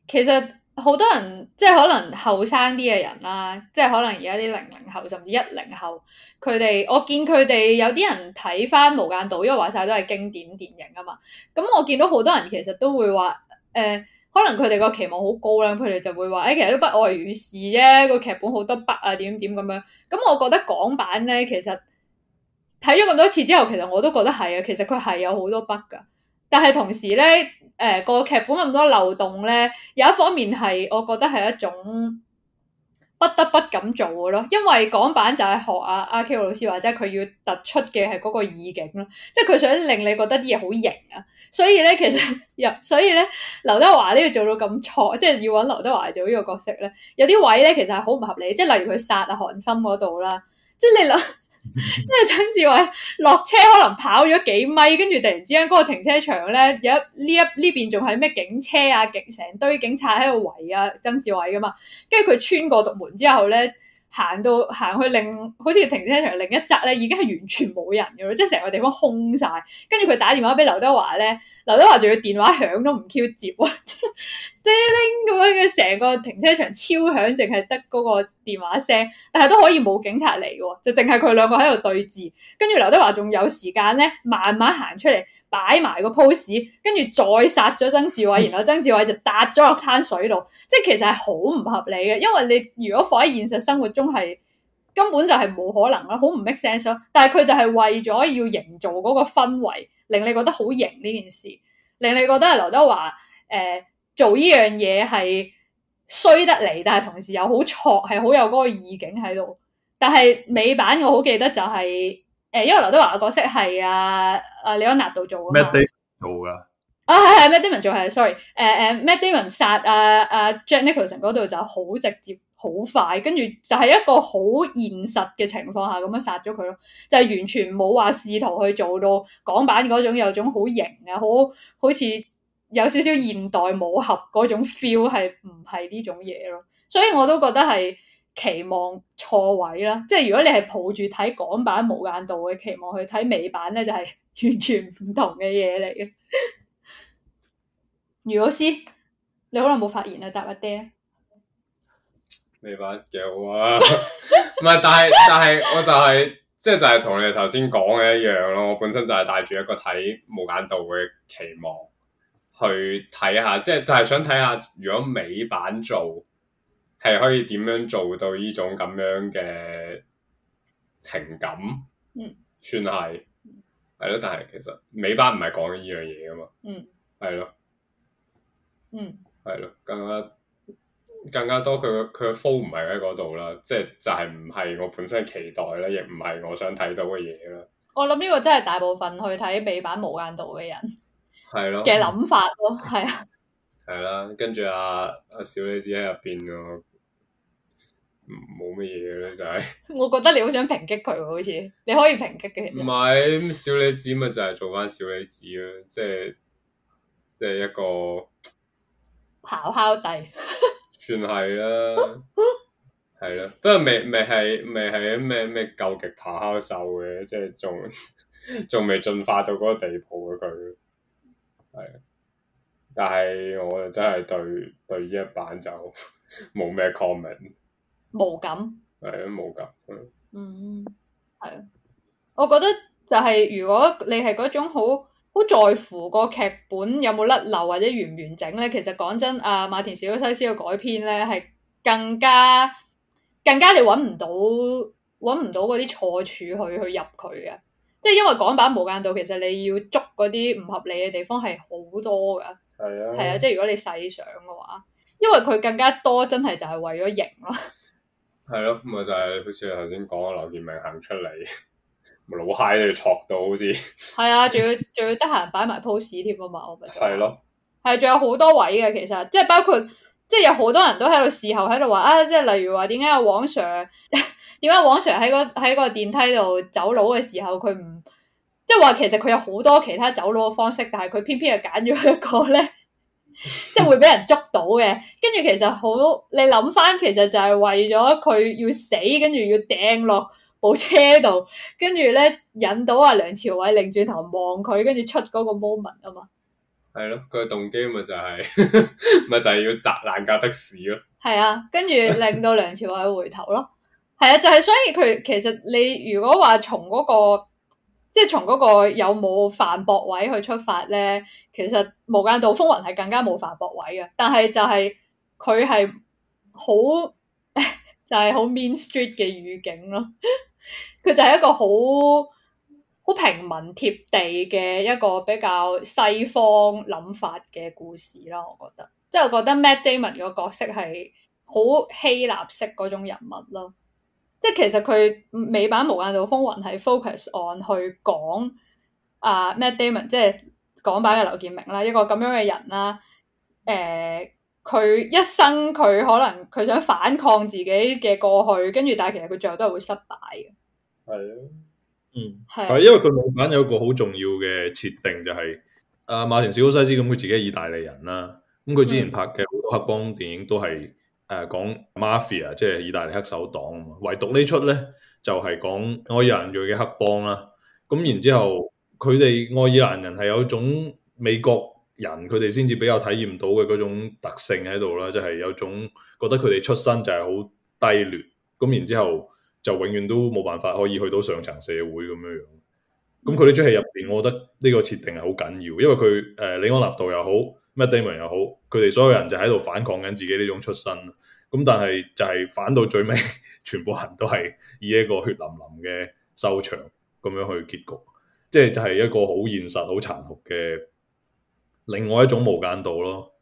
其實。好多人即係可能後生啲嘅人啦，即係可能而家啲零零後甚至一零後，佢哋我見佢哋有啲人睇翻《無間道》，因為話晒都係經典電影啊嘛。咁我見到好多人其實都會話，誒、呃，可能佢哋個期望好高啦，佢哋就會話誒、欸，其實都不外如是啫。個劇本好多 bug 啊，點點咁樣，怎樣。咁我覺得港版咧，其實睇咗咁多次之後，其實我都覺得係啊。其實佢係有好多 bug 噶，但係同時咧。誒、呃、個劇本咁多漏洞咧，有一方面係我覺得係一種不得不咁做嘅咯，因為港版就係學阿阿 Q 老師話，即係佢要突出嘅係嗰個意境咯，即係佢想令你覺得啲嘢好型啊，所以咧其實入，所以咧劉德華呢個做到咁錯，即係要揾劉德華做呢個角色咧，有啲位咧其實係好唔合理，即係例如佢殺阿韓琛嗰度啦，即係你諗。 因為曾志偉落車，可能跑咗幾米，跟住突然之間嗰個停車場咧，有呢一呢邊仲係咩警車啊，警成堆警察喺度圍啊曾志偉噶嘛，跟住佢穿過獨門之後咧，行到行去另好似停車場另一側咧，已經係完全冇人嘅咯，即係成個地方空晒，跟住佢打電話俾劉德華咧，劉德華仲要電話響都唔 Q 接。 zing 咁樣嘅，成個停車場超響，淨係得嗰個電話聲，但係都可以冇警察嚟嘅，就淨係佢兩個喺度對峙。跟住劉德華仲有時間咧，慢慢行出嚟擺埋個 pose，跟住再殺咗曾志偉，然後曾志偉就笪咗落灘水度。即係其實係好唔合理嘅，因為你如果放喺現實生活中係根本就係冇可能啦，好唔 make sense 咯。但係佢就係為咗要營造嗰個氛圍，令你覺得好型呢件事，令你覺得劉德華誒。呃做呢樣嘢係衰得嚟，但係同時又好挫，係好有嗰個意境喺度。但係美版我好記得就係、是、誒、呃，因為劉德華嘅角色係啊，阿李安納度做嘅，做啊，係係，Matt Damon 做係、啊、，sorry，誒誒，Matt Damon 殺阿阿 Jack Nicholson 嗰度就好直接好快，跟住就係一個好現實嘅情況下咁樣殺咗佢咯，就係、是、完全冇話試圖去做到港版嗰種有種好型啊，好好似。有少少現代武俠嗰種 feel 係唔係呢種嘢咯，所以我都覺得係期望錯位啦。即係如果你係抱住睇港版無間道嘅期望去睇美版咧，就係、是、完全唔同嘅嘢嚟嘅。余老師，你可能冇發言啊？答阿爹，美版嘅話，唔係，但係 但係我就係即係就係、是、同你頭先講嘅一樣咯。我本身就係帶住一個睇無間道嘅期望。去睇下，即係就係、是、想睇下，如果美版做係可以點樣做到呢種咁樣嘅情感，嗯，算係，係咯。但係其實美版唔係講緊呢樣嘢噶嘛，嗯，係咯的，嗯，係咯，更加更加多佢佢嘅 focus 唔係喺嗰度啦，即係就係唔係我本身嘅期待啦，亦唔係我想睇到嘅嘢啦。我諗呢個真係大部分去睇美版無間道嘅人。嘅諗法咯，係啊，係啦，跟住阿阿小李子喺入邊啊，冇乜嘢嘅就係，我覺得你好想抨擊佢喎，好似你可以抨擊嘅，唔係，小李子咪就係做翻小李子咯，即係即係一個咆哮帝， 算係啦，係啦， 不過未未係未係咩咩究極咆哮獸嘅，即係仲仲未進化到嗰個地步嘅佢。係，但係我真係對 對呢一版就冇咩 comment，冇感，係啊，冇感，嗯，係啊，我覺得就係、係、如果你係嗰種好好在乎個劇本有冇甩漏或者完唔完整咧，其實講真，阿、啊、馬田小西斯嘅改編咧係更加更加你揾唔到揾唔到嗰啲錯處去去入佢嘅。即係因為港版無間道其實你要捉嗰啲唔合理嘅地方係好多㗎，係啊，係啊，即係如果你細想嘅話，因為佢更加多真係就係為咗型咯，係咯，咁咪就係好似頭先講啊，啊就是、劉建明行出嚟，老嗨都要坐到好，好似係啊，仲要仲 要得閒擺埋 pose 添啊嘛，我咪係咯，係仲、啊啊、有好多位嘅，其實即係包括。即係有好多人都喺度事後，喺度話啊！即係例如話點解黃 sir 點 解黃 sir 喺個喺個電梯度走佬嘅時候，佢唔即係話其實佢有好多其他走佬嘅方式，但係佢偏偏就揀咗一個咧， 即係會俾人捉到嘅。跟住其實好，你諗翻其實就係為咗佢要死，跟住要掟落部車度，跟住咧引到阿梁朝偉擰轉頭望佢，跟住出嗰個 moment 啊嘛。係咯，佢嘅動機咪就係、是、咪 就係要砸爛架的士咯？係啊，跟住令到梁朝偉回頭咯。係 啊，就係、是、所以佢其實你如果話從嗰個即係從嗰個有冇反駁位去出發咧，其實《無間道風雲》係更加冇反駁位嘅。但係就係佢係好就係好 mean street 嘅語境咯。佢 就係一個好。好平民貼地嘅一個比較西方諗法嘅故事啦，我覺得，即係我覺得 Matt Damon 個角色係好希臘式嗰種人物咯。即係其實佢美版《無間道風雲》係 focus on 去講啊、呃、Matt Damon，即係港版嘅劉建明啦，一個咁樣嘅人啦。誒、呃，佢一生佢可能佢想反抗自己嘅過去，跟住但係其實佢最後都係會失敗嘅。係咯。嗯，係，因為佢老闆有一個好重要嘅設定就係，阿馬田史高西斯咁佢自己係意大利人啦，咁佢之前拍嘅好多黑幫電影都係誒、講 mafia 即係意大利黑手黨啊嘛，唯獨呢出咧就係講愛爾蘭裔嘅黑幫啦，咁然之後佢哋愛爾蘭人係有一種美國人佢哋先至比較體驗到嘅嗰種特性喺度啦，即係有一種覺得佢哋出身就係好低劣，咁然之後。就永遠都冇辦法可以去到上層社會咁樣樣。咁佢呢出戲入邊，我覺得呢個設定係好緊要，因為佢誒、呃、李安納度又好，咩 Damon 又好，佢哋所有人就喺度反抗緊自己呢種出身。咁但係就係反到最尾， 全部人都係以一個血淋淋嘅收場咁樣去結局，即係就係、是、一個好現實、好殘酷嘅另外一種無間道咯。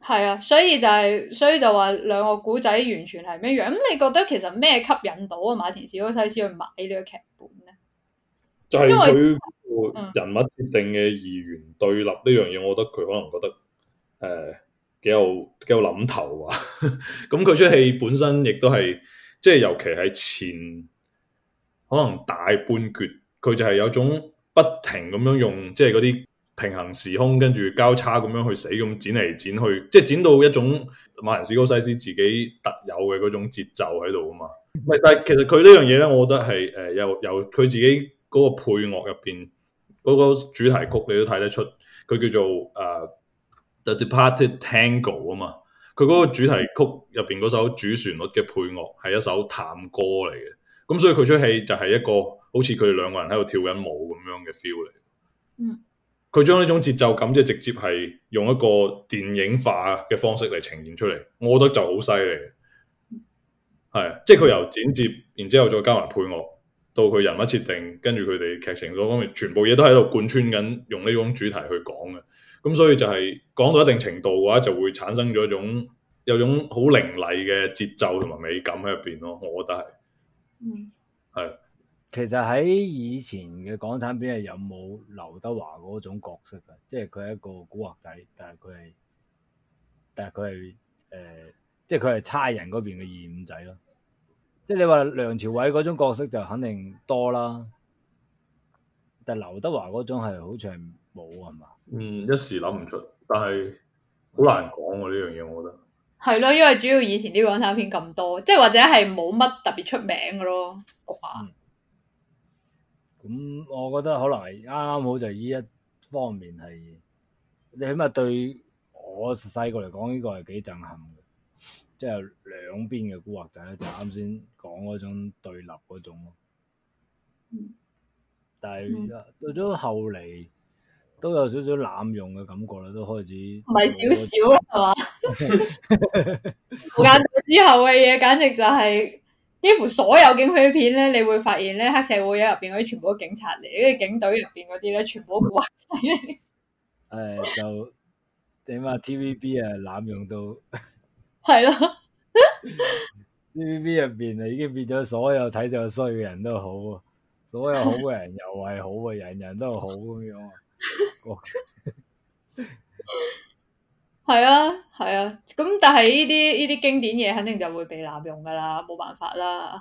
係啊，所以就係、是，所以就話兩個古仔完全係咩樣？咁你覺得其實咩吸引到啊馬田史高西斯去買呢個劇本咧？就係是佢、嗯、人物設定嘅二元對立呢樣嘢，我覺得佢可能覺得誒幾、呃、有幾有諗頭啊！咁佢出戲本身亦都係，即係尤其係前可能大半截，佢就係有種不停咁樣用，即係嗰啲。平行時空，跟住交叉咁樣去死咁剪嚟剪去，即係剪到一種馬田史高西斯自己特有嘅嗰種節奏喺度啊嘛。係，但係其實佢呢樣嘢咧，我覺得係誒又由佢自己嗰個配樂入邊嗰個主題曲，你都睇得出。佢叫做誒、呃、The Departed Tango 啊嘛。佢嗰個主題曲入邊嗰首主旋律嘅配樂係一首探戈嚟嘅。咁所以佢出戲就係一個好似佢哋兩個人喺度跳緊舞咁樣嘅 feel 嚟。嗯。佢將呢種節奏感即係直接係用一個電影化嘅方式嚟呈現出嚟，我覺得就好犀利，係，即係佢由剪接，然之後再加埋配樂，到佢人物設定，跟住佢哋劇情所方面，全部嘢都喺度貫穿緊，用呢種主題去講嘅，咁所以就係、是、講到一定程度嘅話，就會產生咗一種有種好凌厲嘅節奏同埋美感喺入邊咯，我覺得係，嗯，係。其實喺以前嘅港產片係有冇劉德華嗰種角色嘅？即係佢係一個古惑仔，但係佢係但係佢係誒，即係佢係差人嗰邊嘅二五仔咯。即係你話梁朝偉嗰種角色就肯定多啦，但係劉德華嗰種係好似係冇係嘛？嗯，一時諗唔出，嗯、但係好難講喎呢樣嘢，嗯、我覺得係咯，因為主要以前啲港產片咁多，即係或者係冇乜特別出名嘅咯，嗯。咁、嗯，我覺得可能係啱啱好就呢一方面係，你起碼對我細個嚟講，呢個係幾震撼嘅。即係兩邊嘅古惑仔咧，就啱先講嗰種對立嗰種咯。但係、嗯、到咗後嚟，都有少少濫用嘅感覺啦，都開始唔係少少啦，係嘛？無間道之後嘅嘢，簡直就係、是、～幾乎所有警匪片咧，你會發現咧，黑社會入邊嗰啲全部都警察嚟，跟住警隊入邊嗰啲咧，全部都鬼嚟。誒、嗯，就點啊？TVB 啊，濫用到係咯，TVB 入邊啊， 入面已經變咗所有睇上去衰嘅人都好，所有好嘅人又係好，人人都好咁樣啊。那個 係啊，係啊，咁但係呢啲呢啲經典嘢，肯定就會被濫用噶啦，冇辦法啦。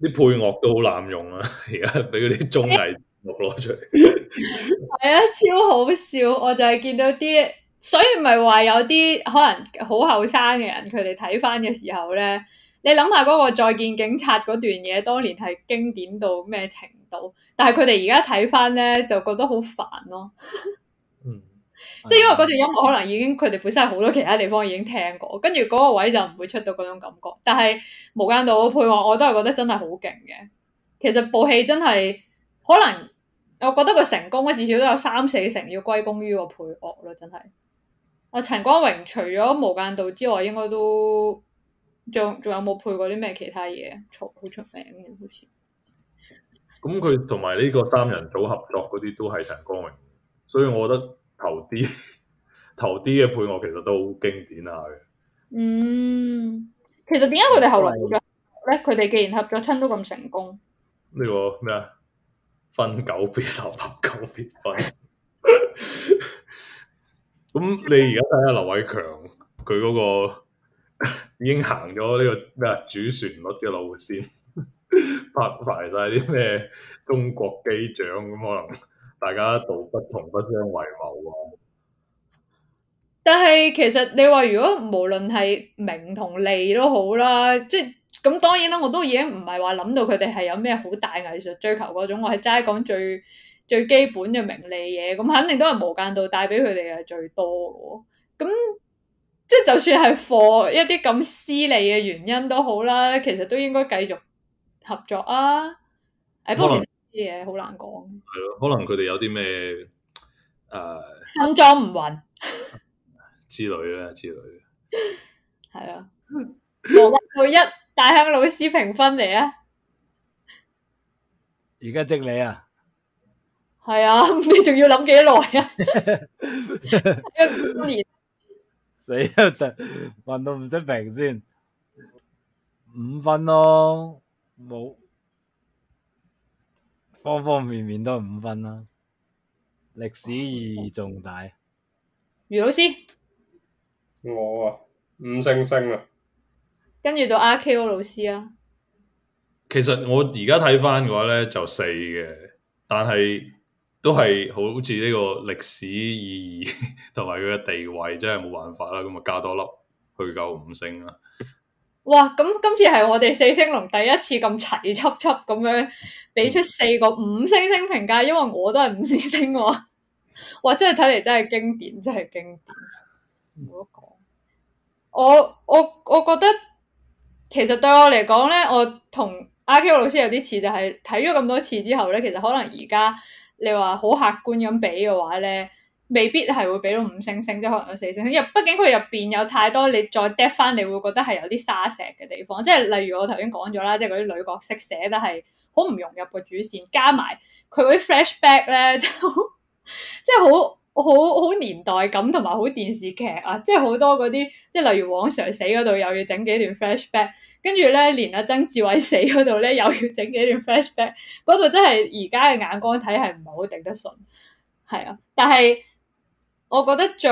啲配樂都好濫用啊，而家俾嗰啲綜藝攞出嚟。係 啊，超好笑！我就係見到啲，所以唔係話有啲可能好後生嘅人，佢哋睇翻嘅時候咧，你諗下嗰個再見警察嗰段嘢，當年係經典到咩程度？但係佢哋而家睇翻咧，就覺得好煩咯。即係因為嗰段音樂可能已經佢哋本身係好多其他地方已經聽過，跟住嗰個位就唔會出到嗰種感覺。但係《無間道》配樂我都係覺得真係好勁嘅。其實部戲真係可能，我覺得佢成功咧至少都有三四成要歸功於個配樂咯，真係。阿陳光榮除咗《無間道》之外應該，應該都仲仲有冇配過啲咩其他嘢？好出名嘅好似。咁佢同埋呢個三人組合作嗰啲都係陳光榮，所以我覺得。頭啲、頭啲嘅配樂其實都好經典下嘅。嗯，其實點解佢哋後來咁咧？佢哋、嗯、既然合咗親都咁成功，呢個咩啊？分久必合，合久必分。咁 你而家睇下劉偉強佢嗰個 已經行咗呢個咩啊，主旋律嘅路線， 拍埋晒啲咩中國機長咁可能。大家道不同不相為謀啊！但係其實你話如果無論係名同利都好啦，即係咁當然啦，我都已經唔係話諗到佢哋係有咩好大藝術追求嗰種，我係齋講最最基本嘅名利嘢。咁肯定都係無間道帶俾佢哋係最多嘅。咁即係就算係貨一啲咁私利嘅原因都好啦，其實都應該繼續合作啊！誒可能、哎，不過。啲嘢好難講，係咯，可能佢哋有啲咩誒，uh, 身裝唔勻之類咧，之類，係 啊，王力一大亨老師評分嚟啊，而家即你啊，係啊，你 仲 個古 要諗幾耐啊？一年死啦，就問到唔識評先五分咯，冇。方方面面都係五分啦，歷史意義重大。余老師，我啊五星星啊，跟住到阿 Ko 老師啊，其實我而家睇翻嘅話咧就四嘅，但係都係好似呢個歷史意義同埋佢嘅地位，真係冇辦法啦，咁啊加多粒去夠五星啦。哇！咁今次係我哋四星龍第一次咁齊輯輯咁樣俾出四個五星星評價，因為我都係五星星喎、啊。哇！真係睇嚟，真係經典，真係經典，唔好講。我我我覺得其實對我嚟講咧，我同阿 Q 老師有啲似，就係睇咗咁多次之後咧，其實可能而家你話好客觀咁俾嘅話咧，未必係會俾到五星星，即係可能有四星星，因為畢竟佢入邊有太多你再 drop 翻嚟你會覺得係有啲沙石嘅地方，即係例如我頭先講咗啦，即係嗰啲女角色寫得係好唔融入個主線，加埋佢嗰啲 flashback 咧，即係好好好年代感同埋好電視劇啊，即係好多嗰啲，即係例如黃 Sir 死嗰度又要整幾段 flashback，跟住咧連阿曾志偉死嗰度咧又要整幾段 flashback，嗰度真係而家嘅眼光睇係唔係好頂得順，係啊，但係。我覺得最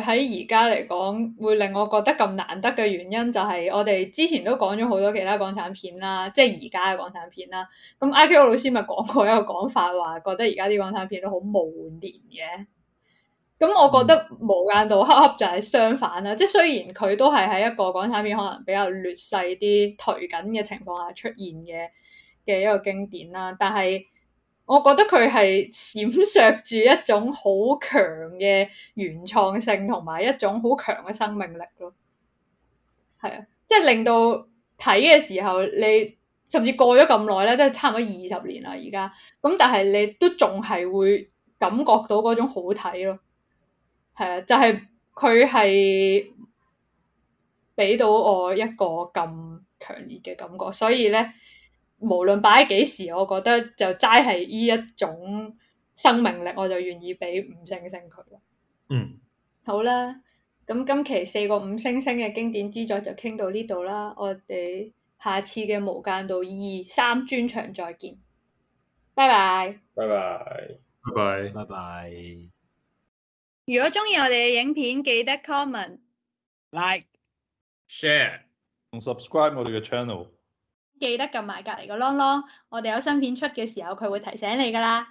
喺而家嚟講會令我覺得咁難得嘅原因，就係我哋之前都講咗好多其他港產片啦，即係而家嘅港產片啦。咁 IPO 老師咪講過一個講法，話覺得而家啲港產片都好無年嘅。咁我覺得無間道恰恰就係相反啦，即係雖然佢都係喺一個港產片可能比較劣勢啲頹緊嘅情況下出現嘅嘅一個經典啦，但係。我覺得佢係閃爍住一種好強嘅原創性，同埋一種好強嘅生命力咯。係啊，即係令到睇嘅時候，你甚至過咗咁耐咧，即係差唔多二十年啦。而家咁，但係你都仲係會感覺到嗰種好睇咯。係啊，就係佢係俾到我一個咁強烈嘅感覺，所以咧。無論擺喺幾時，我覺得就齋係呢一種生命力，我就願意俾五星星佢咯。嗯，好啦，咁今期四個五星星嘅經典之作就傾到呢度啦。我哋下次嘅無間道二三專場再見，拜拜，拜拜，拜拜，拜拜。如果中意我哋嘅影片，記得 comment、like、share 同 subscribe 我哋嘅 channel。記得撳埋隔離個啷啷，我哋有新片出嘅時候，佢會提醒你噶啦。